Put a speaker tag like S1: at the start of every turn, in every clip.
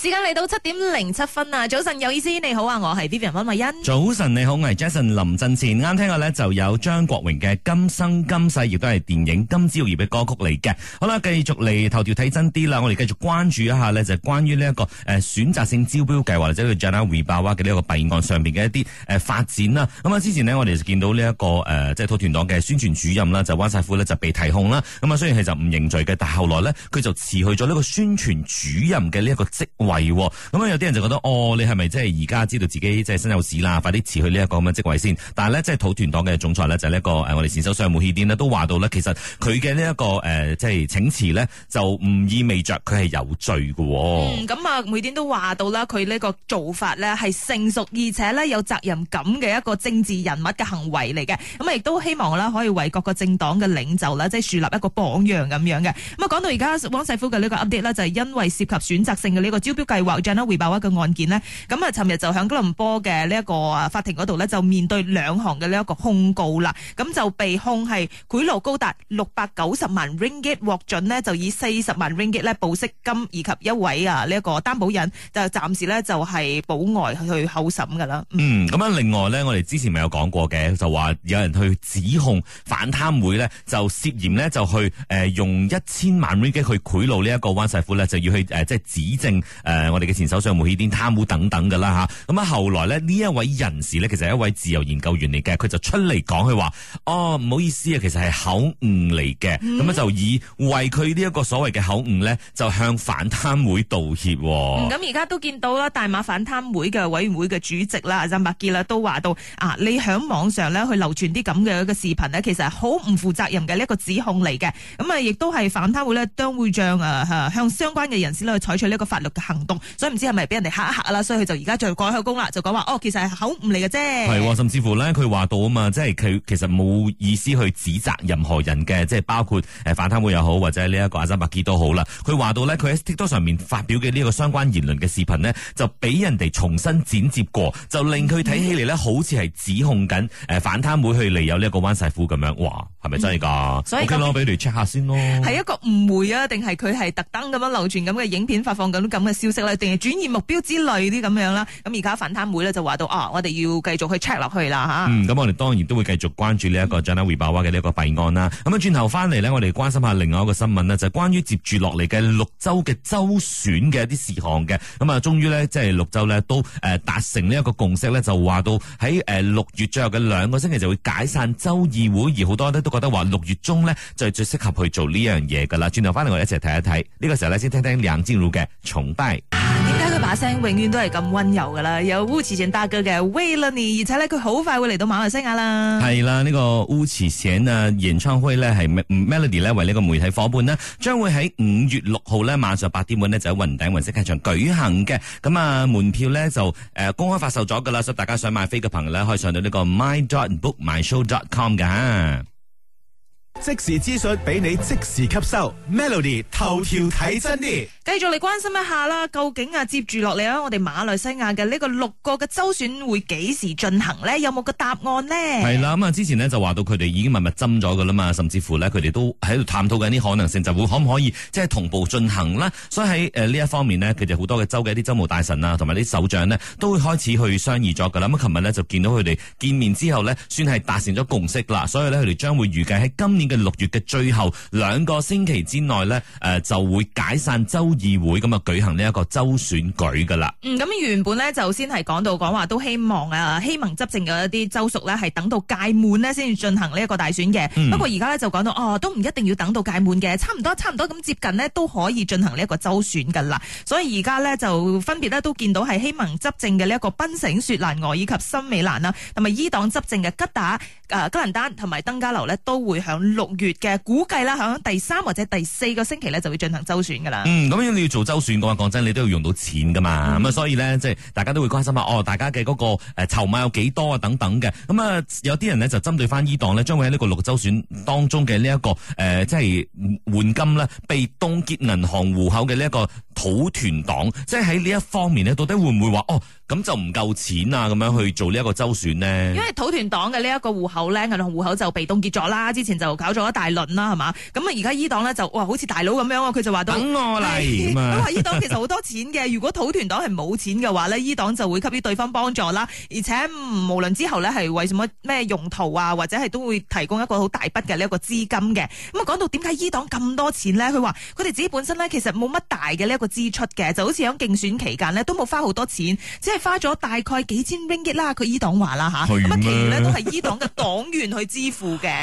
S1: 時間嚟到七點零七分啊！早
S2: 晨有意思，你好啊，我係 d B 人溫慧欣。早晨你好，我係 Jason 林振前。啱聽過呢，就有張國榮嘅《今生今世》，亦都係電影《金枝玉葉》嘅歌曲嚟嘅。好啦，繼續嚟頭條睇真啲啦，我哋繼續關注一下呢，就是，關於呢一個誒、呃、選擇性招標計劃或者叫 Jana Wibawa 嘅呢一個弊案上邊嘅一啲誒發展啦。咁、嗯、啊，之前呢，我哋就見到呢、這、一個誒、呃、即係土團黨嘅宣傳主任啦，就溫薩夫呢就被提控啦。咁、嗯、啊，雖然係就唔認罪嘅，但係後來咧佢就辭去咗呢個宣傳主任嘅呢一個職咁、嗯、啊！有啲人就覺得哦，你係咪即係而家知道自己即係身有屎啦？快啲辭去呢一個咁嘅職位先。但係呢，即係土團黨嘅總裁呢，就呢、是這個個我哋前首相慕尤丁呢，都話到呢。其實佢嘅呢一個誒，即、呃、係請辭呢，就唔意味著佢係有罪嘅。喎、嗯。
S1: 咁、嗯、啊，慕尤丁都話到啦，佢呢個做法呢係成熟而且呢有責任感嘅一個政治人物嘅行為嚟嘅。咁啊，亦都希望啦可以為各個政黨嘅領袖啦，即係樹立一個榜樣咁樣嘅。咁啊，講到而家汪世夫嘅呢個 update 就係因為涉及選擇性嘅呢個招。計劃將咧，匯報一個案件咧，咁啊，尋日就響吉隆坡嘅呢一個法庭嗰度咧，就面對兩項嘅呢一個控告啦，咁就被控係賄賂高達六百九十萬 ringgit 獲准咧，就以四十萬 ringgit 咧保釋金以及一位啊呢一個擔保人，就暫時咧就係保外去候審噶啦。嗯，
S2: 咁啊，另外咧，我哋之前咪有講過嘅，就話有人去指控反貪會咧，就涉嫌咧就去誒用一千萬 ringgit 去賄賂呢一個灣世富咧，就要去誒即係指證。誒、呃，我哋嘅前首相慕尤丁貪污等等嘅啦吓，咁啊後來呢，呢一位人士呢，其實係一位自由研究員嚟嘅，佢就出嚟講佢話：哦，唔好意思啊，其實係口誤嚟嘅。咁、嗯、就以為佢呢一個所謂嘅口誤呢，就向反貪會道歉、哦。
S1: 咁而家都見到啦，大馬反貪會嘅委員會嘅主席啦阿麥傑啦都話到：啊，你喺網上呢去流傳啲咁嘅一個視頻呢，其實係好唔負責任嘅一個指控嚟嘅。咁、嗯、啊，亦都係反貪會呢，將會將啊向相關嘅人士呢，去採取呢一個法律嘅行動動所以唔知係咪俾人哋嚇一嚇啦，所以佢就而家再改口供啦，就講話哦，其實係口誤嚟嘅啫。係，
S2: 甚至乎咧，佢話到啊嘛，即係佢其實冇意思去指責任何人嘅，即係包括誒反貪會又好，或者呢一個 Azam Baki 都好啦。佢話到呢，佢喺 TikTok 上面發表嘅呢個相關言論嘅視頻呢，就俾人哋重新剪接過，就令佢睇起嚟呢、嗯，好似係指控緊誒反貪會去嚟有呢一個 Wan Saiful 咁樣。哇，係咪真係㗎、嗯？所以攞俾你 check 下先咯。係
S1: 一個誤會啊，定係佢係特登咁樣流傳咁嘅影片發放緊咁嘅消息？定係轉移目標之類啲咁樣啦。咁而家反貪會呢，會就話到，哦、我哋要繼續去 check 落去啦嚇。
S2: 嗯，咁我哋當然都會繼續關注呢一個 Jana Wibawa 嘅呢個弊案啦。咁啊，轉頭翻嚟呢，我哋關心下另外一個新聞呢就係、是、關於接住落嚟嘅六州嘅州選嘅一啲事項嘅。咁啊，終於呢，即係六州呢，都誒、呃、達成呢一個共識呢，就話到喺六月最後嘅兩個星期就會解散州議會，而好多人都覺得話六月中呢，就係最適合去做呢樣嘢噶啦。轉頭翻嚟，我哋一齊睇一睇。呢、這個時候呢，先聽聽梁志耀嘅重低。
S1: 點解佢把聲永遠都係咁温柔噶啦？有烏遲前大哥嘅 Willony，而且呢，佢好快會嚟到馬來西亞啦。係
S2: 啦，這個、烏呢個烏遲前啊，演唱會呢，係 Melody 呢，為呢個媒體夥伴呢，將會喺五月六號呢，晚上八點半呢，就喺雲頂雲色劇場舉行嘅。咁啊，門票呢，就誒公開發售咗噶啦，所以大家想買飛嘅朋友呢，可以上到呢個 my dot book my show dot com 噶。即時資訊俾你即時吸收，Melody 頭條睇真啲。
S1: 繼續嚟關心一下啦，究竟啊接住落嚟啊，我哋馬來西亞嘅呢個六個嘅州選會幾時進行呢？有冇個答案呢？係
S2: 啦，咁啊之前呢就話到佢哋已經密密斟咗噶啦嘛，甚至乎呢，佢哋都喺度探討緊啲可能性，就會可唔可以即係同步進行啦？所以喺誒呢一方面呢，佢哋好多嘅州嘅啲州務大臣啊，同埋啲首相呢，都會開始去商議咗噶啦。咁啊，琴日呢，就見到佢哋見面之後呢，算係達成咗共識啦。所以呢，佢哋將會預計喺今年嘅六月嘅最後兩個星期之內呢，誒、呃、就會解散州議會，咁啊舉行呢一個州選舉噶啦。
S1: 嗯，咁原本呢，就先係講到講話都希望啊，希盟執政嘅一啲州屬呢，係等到屆滿呢先至進行呢一個大選嘅、嗯。不過而家呢，就講到哦，都唔一定要等到屆滿嘅，差唔多差唔多咁接近呢，都可以進行呢一個州選噶啦。所以而家呢，就分別呢，都見到係希盟執政嘅呢一個檳城、雪蘭莪以及森美蘭啦，同埋伊黨執政嘅吉打、誒、呃、吉蘭丹同埋登嘉樓呢，都會響六月嘅估計啦，響第三或者第四個星期咧就會進行周選噶
S2: 啦。嗯，咁你要做周選嘅話，講真，你都要用到錢噶嘛。咁、嗯、啊，所以咧，即係大家都會關心啊。哦，大家嘅嗰個誒籌碼有幾多啊？等等嘅。咁、嗯、啊，有啲人呢，就針對翻依黨呢，將會喺呢個六周選當中嘅呢一個誒，即、呃、係、就是、換金呢，被凍結銀行戶口嘅呢一個土團黨。即係喺呢一方面呢，到底會唔會話哦咁就唔夠錢啊？咁樣去做呢一個周選呢？因為
S1: 土團黨嘅呢一個戶口咧，銀行戶口就被凍結咗啦。之前就。搞咗一大輪啦，係嘛？咁啊，而家伊黨咧就哇，好似大佬咁樣，佢就話到等我嚟。佢話 伊黨其實好多錢嘅，如果土團黨係冇錢嘅話呢，伊黨就會給予對方幫助啦。而且無論之後呢係為什麼咩用途啊，或者係都會提供一個好大筆嘅呢一個資金嘅。咁啊，講到點解伊黨咁多錢呢？佢話佢哋自己本身呢，其實冇乜大嘅呢一個支出嘅，就好似喺競選期間呢都冇花好多錢，只係花咗大概幾千蚊億啦。佢伊黨話啦吓，咁其實呢都係伊黨嘅黨員去支付嘅。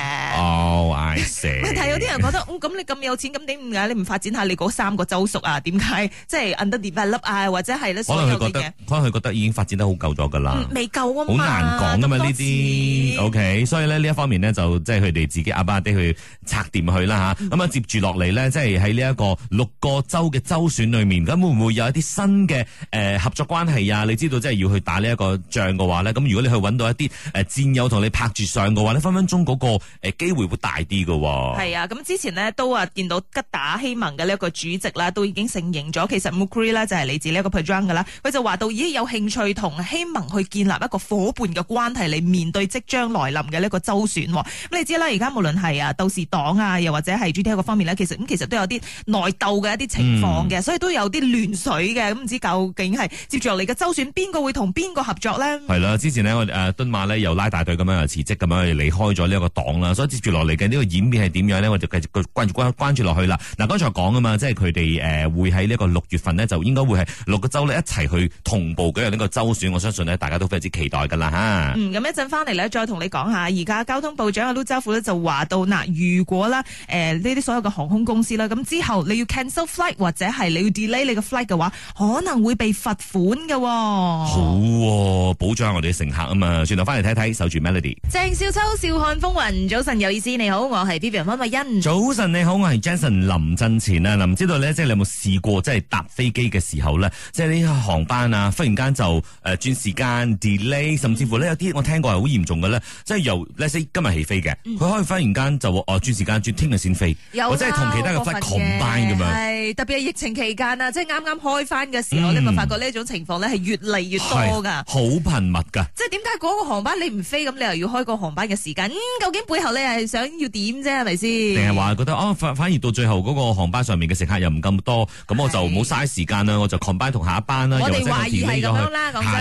S2: Oh, 但係有啲人覺得，
S1: 咁、嗯、你咁有錢，咁點解你唔發展下你嗰三個州屬啊？點解即係、就是、underdevelop 啊？或者係咧所有啲嘅？可能佢覺得，
S2: 可能佢覺得已經發展得好夠咗噶啦。未夠
S1: 啊，好難講噶嘛呢啲。
S2: OK，所以呢，呢一方面呢，就即係佢哋自己阿爸阿爹去拆掂佢啦吓。咁啊，啊，啊接住落嚟呢，即係喺呢一個六個州嘅州選裏面，咁會唔會有一啲新嘅誒、呃、合作關係啊？你知道即係要去打呢一個仗嘅話呢，咁如果你去揾到一啲誒戰友同你拍住上嘅話呢，分分鐘嗰個誒機會會大。大啲嘅喎，係
S1: 啊，咁之前咧都啊見到吉打希盟嘅呢一個主席啦，都已經承認咗。其實 Mukri 咧就係嚟自呢一個 Pejuang 嘅啦，佢就話到已經有興趣同希盟去建立一個夥伴嘅關係嚟面對即將來臨嘅呢個州選。咁你知啦，而家無論係啊鬥士黨啊，又或者係 GTA 一個方面咧，其實咁其實都有啲內鬥嘅一啲情況嘅，所以都有啲亂水嘅。咁唔知究竟係接住落嚟嘅州選，邊個會同邊個合作咧？
S2: 係啦，之前咧我誒敦馬咧又拉大隊咁樣辭職咁樣離開咗呢一個黨啦，所以接住落嚟嘅。呢、這個演變係點樣呢？我就繼續關注關注落去啦。嗱，剛才講啊嘛，即係佢哋誒會喺呢個六月份呢，就應該會係六個州咧一齊去同步舉行呢個州選。我相信呢，大家都非常之期待噶啦吓，
S1: 咁、嗯、一陣翻嚟呢，再同你講下。而家交通部長阿陸兆福咧就話到，嗱，如果啦誒呢啲所有嘅航空公司咧，咁之後你要 cancel flight 或者係你要 delay 你個 flight 嘅話，可能會被罰款嘅。
S2: 好、哦，保障我哋嘅乘客啊嘛。轉頭翻嚟睇睇，守住 melody。
S1: 鄭少秋笑看風雲，早晨有意思，你好。好，我係 B B M 溫慧欣。早晨你好，
S2: 我係 Jason 林振前啊，嗱，唔知道咧，即、就、係、是、你有冇試過，即係搭飛機嘅時候咧，即係啲航班啊，忽然間就誒轉、呃、時間、嗯、delay，甚至乎呢有啲我聽過係好嚴重嘅咧，即、就、係、是、由，例、就、如、是、今日起飛嘅，佢可以忽然間就哦轉、啊、時間轉聽日先飛，即係同其他嘅忽然 combine 咁樣。
S1: 係特別係疫情期間啊，即係啱啱開翻嘅時候、嗯、你咪發覺呢一種情況咧係越嚟越多噶，好頻密噶。即係點解嗰個航班你唔飛咁，那你又要開個航班嘅時間、嗯？究竟背後你係想要？點啫，係咪先？
S2: 定係話覺得啊，反、哦、反而到最後嗰個航班上面嘅乘客又唔咁多，咁我就冇、是、嘥時間啦，我就 combine 同下一班啦，又或者調翻過去。呢、啊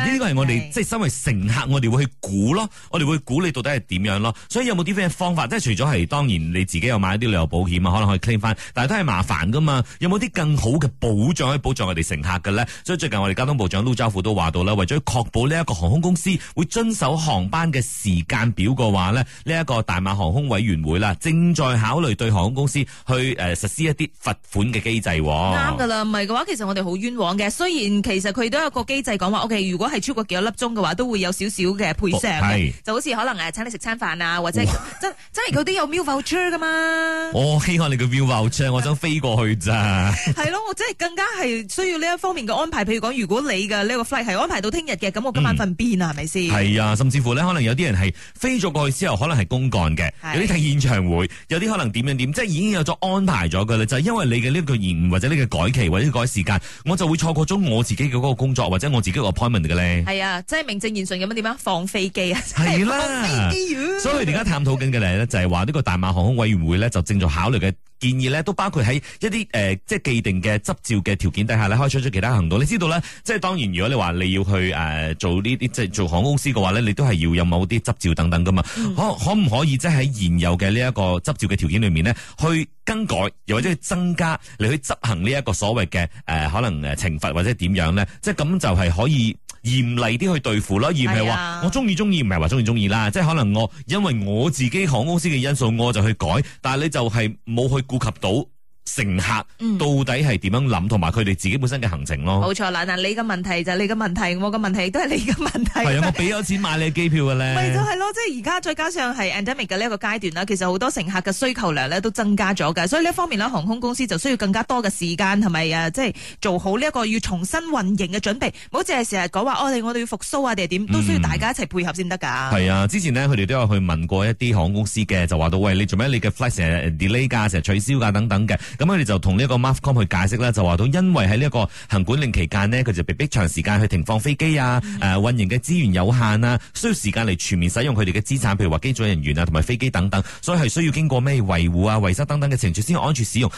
S2: 這個係我哋即係身為乘客，我哋會去估咯，我哋會估你到底係點樣咯。所以有冇啲咩方法？即係除咗係當然你自己有買一啲旅遊保險啊，可能可以 claim 翻，但係都係麻煩噶嘛。有冇啲更好嘅保障可以保障我哋乘客嘅咧？所以最近我哋交通部長陸兆福都話到啦，為咗確保呢一個航空公司會遵守航班嘅時間表嘅話咧，呢、這、一個大馬航空委員會。正在考慮對航空公司去誒、呃、實施一啲罰款嘅機制、哦，啱
S1: 噶啦，唔係嘅話，其實我哋好冤枉嘅。雖然其實佢都有個機制講話，O.K. 如果係超過幾多粒鐘嘅話，都會有少少嘅賠償，就好似可能誒，請你食餐飯啊，或者真真係佢啲有 voucher 噶嘛。
S2: 我希望你個 view voucher 我想飛過去咋？
S1: 係 咯，我即係更加係需要呢一方面嘅安排。譬如講，如果你嘅呢個 flight 係安排到聽日嘅，咁我今晚瞓邊啊？係咪先？係
S2: 啊，甚至乎咧，可能有啲人係飛咗過去之後，可能係公幹嘅，有啲提現。係會有啲可能點樣點，即係已經有咗安排咗嘅咧，就係、是、因為你嘅呢個延誤或者呢個改期或者改時間，我就會錯過咗我自己嘅嗰個工作或者我自己個 appointment 嘅咧。係
S1: 啊，即係名正言順咁樣點啊，啊，放飛機啊，係啦，
S2: 所以而家探討緊嘅咧就係話呢個大馬航空委員會咧就正在考慮嘅。建議咧都包括喺一啲、呃、即係既定嘅執照嘅條件底下咧，開出咗其他行動。你知道咧，即係當然，如果你話你要去誒、呃、做呢啲即係做航空公司嘅話咧，你都係要有某啲執照等等噶嘛。嗯、可可唔可以即係喺現有嘅呢一個執照嘅條件裏面咧，去更改又或者去增加你去執行呢一個所謂嘅誒、呃、可能誒懲罰或者點樣咧？即係咁就係可以。嚴厲啲去對付咯，而唔係話我鍾意鍾意，唔係話鍾意鍾意啦。即係可能我因為我自己航空公司嘅因素，我就去改，但係你就係冇去顧及到。乘客到底係點樣諗，同埋佢哋自己本身嘅行程咯？冇
S1: 錯啦，嗱你嘅問題就你嘅問題，我嘅問題都係你嘅問題。係啊，我
S2: 俾咗錢買你機票嘅咧。咪就係
S1: 咯，即係而家再加上係 endemic 嘅呢一個階段啦，其實好多乘客嘅需求量咧都增加咗噶，所以呢方面啦，航空公司就需要更加多嘅時間，係咪啊？即係做好呢一個要重新運營嘅準備，唔好淨係成日講話我哋我哋要復蘇啊，定係點，都需要大家一齊配合先得噶。係、嗯、啊，
S2: 之前呢，佢哋都有去問過一啲航空公司嘅，就話到喂你做咩你嘅 flight 成日 delay 架，成日取消架等等嘅。咁佢哋就同呢個個 Marcom 去解釋啦，就話到因為喺呢個個行管令期間呢，佢就被逼長時間去停放飛機，嗯、啊，誒運營嘅資源有限啊，需要時間嚟全面使用佢哋嘅資產，譬如話機組人員啊，同埋飛機等等，所以係需要經過咩維護啊、維修等等嘅程序先安全使用。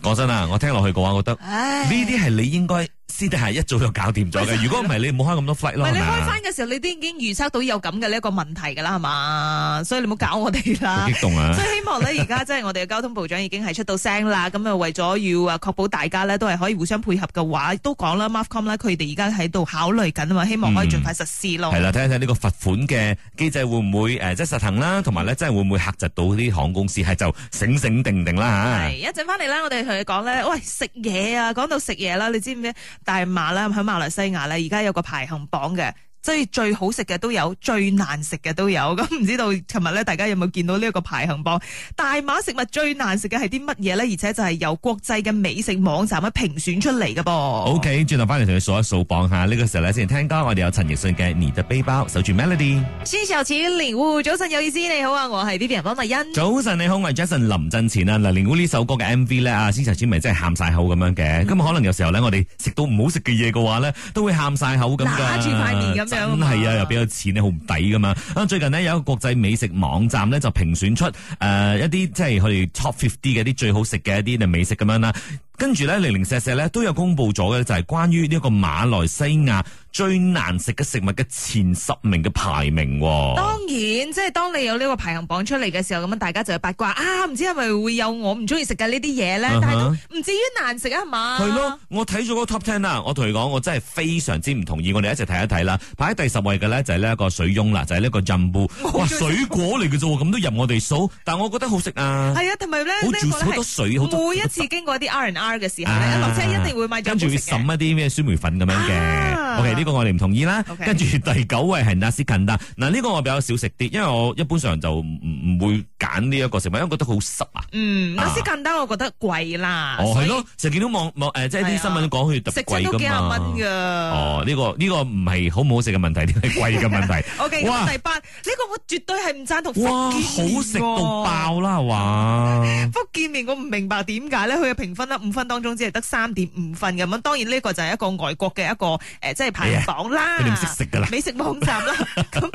S2: 講真啊，我聽落去嘅話，我覺得呢啲係你應該。私底下一早就搞掂咗嘅，如果唔係你唔好開咁多 flight 咯。你開翻
S1: 嘅時候，你都已經預測到有咁嘅呢一個問題噶啦，係嘛？所以你唔好搞我哋啦。激動啊！即係希望咧，而家即係我哋嘅交通部長已經係出到聲啦。咁啊，為咗要啊確保大家咧都係可以互相配合嘅話，都講啦 Markcom 咧，佢哋而家喺度考慮緊啊嘛，希望可以盡快實施咯。係、嗯、啦，
S2: 睇一睇呢個罰款嘅機制會唔會誒即係實行啦？同埋咧，真係會唔會吓窒到啲航空公司係就醒醒定定啦吓？
S1: 一陣翻嚟咧，我哋同你講咧，喂食嘢啊，講到食嘢啦，你知唔知？大馬啦，響馬來西亞咧，而家有個排行榜嘅。即、就、係、是、最好食嘅都有，最難食嘅都有。咁 唔知道琴日咧，大家有冇見到呢一個排行榜？大馬食物最難食嘅係啲乜嘢咧？而且就係由國際嘅美食網站咧評選出嚟嘅噃。
S2: OK，轉頭翻嚟同你數一數榜吓。呢、這個時候呢先聽歌，我哋有陳奕迅嘅《你的背包》，守住 Melody。
S1: 先壽子，年、哦，早晨有意思，你好啊，我係呢 B 人温麗欣。
S2: 早晨你好，我係 Jason 林振前啊。嗱，玲烏呢首歌嘅 M V 咧啊，先壽子咪真係喊晒口咁樣嘅。咁可能有時候呢，我哋食到唔好食嘅嘢嘅話咧，都會喊晒口咁。拿住塊面咁。真係啊，又俾咗錢咧，好唔抵㗎嘛！咁最近呢，有一個國際美食網站咧，就評選出誒、呃、一啲即係佢哋 Top Fifty 嘅啲最好食嘅一啲嘅美食咁樣啦。跟住咧，零零舍舍咧都有公布咗嘅，就係、是、關於呢一個馬來西亞。最難食嘅食物嘅前十名嘅排名、哦，當然
S1: 即係當你有呢個排行榜出嚟嘅時候，咁樣大家就會八卦啊，唔知係咪會有我唔中意食嘅呢啲嘢咧？但係唔、uh -huh. 至於難食啊，係嘛？係咯，
S2: 我睇咗嗰 top ten 啦，我同你講，我真係非常之唔同意。我哋一齊睇一睇啦。排喺第十位嘅咧就係呢一個水翁啦，就係呢一個 Jambu。哇，水果嚟嘅啫，咁 都入我哋數。但我覺得好食啊。係啊，
S1: 同埋咧，好多水，好多水，每一次經過啲 R n R 嘅時候咧，落、啊、車、啊、一,一定會買咗。跟住會浸
S2: 一啲咩酸梅粉咁樣嘅。啊 okay，這個那個、我哋唔同意啦，跟、okay、住第九位係阿斯肯達，嗱、這、呢個我比較少食啲，因為我一般上就唔唔會揀呢一個食物，因為覺得佢好濕啊。
S1: 嗯，嗰啲更加我覺得貴啦。哦，係
S2: 咯，成日見到網網誒，即係啲新聞講佢特別貴噶嘛。食嘢都幾廿蚊噶。哦，呢個呢個唔係好唔好食嘅問題，呢個係貴嘅問題。OK，哇，第
S1: 八呢個我絕對係唔讚同。哇，好食到爆啦！哇，福建麵我唔明白點解咧？佢嘅評分咧，五分當中只係得三點五分咁樣。當然呢個就係一個外國嘅一個誒，即係排行榜啦。佢哋唔識食噶啦。美食網站啦。咁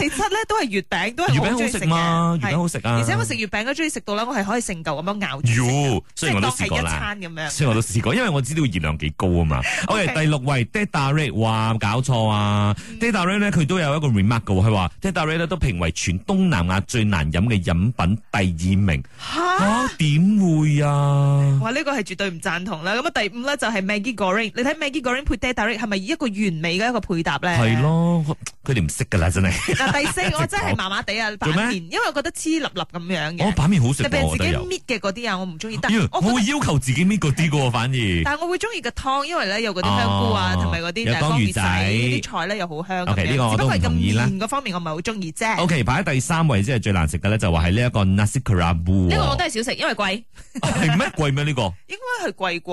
S1: 第七咧都係月餅，都係我最中意食嘅。月餅好食啊！而且我食月餅都中意食到啦，我係可以成嚿咁樣咬住，所以我都試過啦。雖然我都試
S2: 過，過，因為我知道熱量幾高啊嘛。 okay. OK，第六位 Teh Tarik 話搞錯啊 Teh Tarik 咧佢都有一個 remark 嘅，佢話 Teh Tarik 咧都評為全東南亞最難飲嘅飲品第二名。
S1: 吓？
S2: 點、啊、會啊？
S1: 哇！呢、這個係絕對唔贊同啦。咁啊，第五咧就係 Maggie Goreng，你睇 Maggie Goreng 配 Teh Tarik 係咪一個完美嘅一個配搭咧？係咯，
S2: 佢哋唔識噶啦，真、啊、係。
S1: 第四 我真係麻麻地啊，因為我覺得黐立立。咁樣嘅、哦，我板麵好食，你自己搣嘅嗰啲啊，我唔中意。嗯、得，我會要
S2: 求自己搣嗰啲嘅喎，反而。 但係
S1: 我會中意嘅湯，因為咧有嗰啲香菇啊，同埋嗰啲有，那些有魚仔啲菜咧，又好香。OK，呢個我都唔中意啦。因咁嗰方面，我唔係好中意啫。OK，
S2: 擺喺第三位，即係最難食嘅咧，就話係呢一個 nasi kerabu 呢、啊這個我
S1: 都係少食，因
S2: 為貴。係、啊、咩貴咩呢、這個？
S1: 應該係貴啩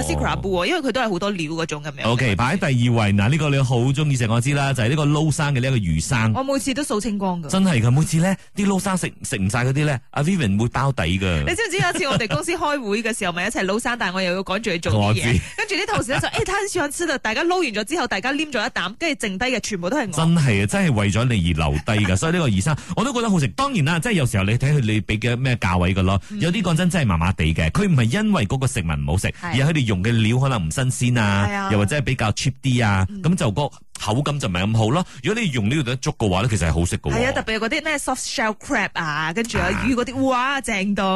S1: nasi kerabu 因為佢都係好多料嗰種咁樣。OK，
S2: 擺喺第二位嗱，呢、啊這個你好中意食，我知啦，就係、是、呢個撈生嘅呢一個魚生、嗯。
S1: 我每次都掃清光嘅。真係
S2: 嘅，每次咧啲撈生食。食唔晒嗰啲咧，阿 Vivian 會包底噶。你知唔
S1: 知有一次我哋公司開會嘅時候，咪 一齊撈生，但係我又要趕住去做嘢， 跟住啲同事咧就，誒、欸，攤少咗，知道大家撈完咗之後，大家黏咗一啖，跟住剩低嘅全部都係我。
S2: 真係啊，真係為咗你而留低噶， 所以呢個二生我都覺得好食。當然啦，即係有時候你睇佢你畀嘅咩價位噶咯，嗯、有啲講真的真係麻麻地嘅，佢唔係因為嗰個食物唔好食，而係佢哋用嘅料可能唔新鮮啊，啊，又或者係比較 cheap 啲啊，咁、嗯、就口感就唔係咁好啦。如果你用呢度得粥嘅話咧，其實係好食嘅。係啊，
S1: 特別嗰啲咩 soft shell crab 啊，跟住啊魚嗰啲，哇，正到。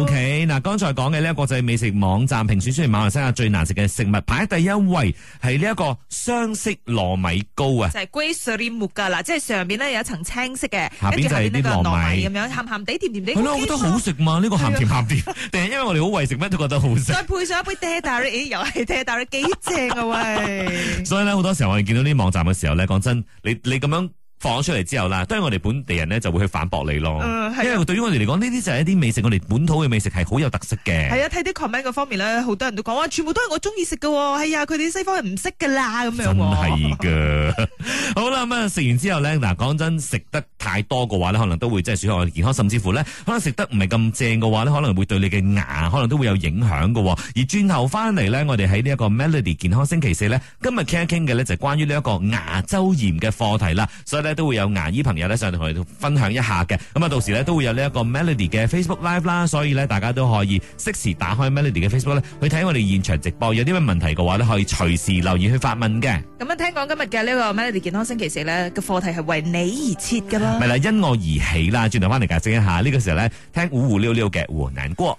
S1: OK，
S2: 嗱，剛才講嘅呢個國際美食網站評選出嚟馬來西亞最難食嘅食物，排喺第一位係呢一個雙色糯米糕啊。
S1: 就係灰色啲木㗎，嗱，即係上邊咧有一層青色嘅，下邊就係呢個糯米咁樣，鹹鹹地、甜甜地。係咯，我覺得好食
S2: 嘛，呢個鹹甜鹹甜。定係因為我哋好為食咩都覺得好食。再
S1: 配上一杯 teh tarik，又係 teh tarik，幾正啊喂！
S2: 所以咧，好多時候我哋見到啲網站嘅時候咧，講真，你你咁樣。放咗出嚟之後啦，當然我哋本地人咧就會去反駁你咯。因、嗯、為、啊、對於我哋嚟講，呢啲就係一啲美食，我哋本土嘅美食係好有特色嘅。
S1: 係啊，睇啲 comment 嗰方面咧，好多人都講話，全部都係我中意食嘅。係啊，佢哋西方人唔識噶啦咁樣。真係
S2: 噶。 好啦，咁啊食完之後呢，嗱講真，食得太多嘅話咧，可能都會即係損害我哋健康，甚至乎呢，可能食得唔係咁正嘅話咧，可能會對你嘅牙可能都會有影響嘅。而轉頭翻嚟呢，我哋喺呢一個 Melody 健康星期四呢，今日傾一傾嘅呢，就是、關於呢一個牙周炎嘅課題啦。所以都會有牙醫朋友咧上嚟同我哋分享一下嘅。咁啊到時咧都會有呢一個 Melody 嘅 Facebook Live 啦，所以咧大家都可以適時打開 Melody 嘅 Facebook 咧去睇我哋現場直播，有啲咩問題嘅話咧可以隨時留意去發問嘅。
S1: 咁啊聽講今日嘅呢個 Melody 健康星期四咧個課題係為你而設噶嘛，咪
S2: 啦因我而起啦，轉頭翻嚟解釋一下呢、呢個時候咧聽糊糊溜溜嘅和難過。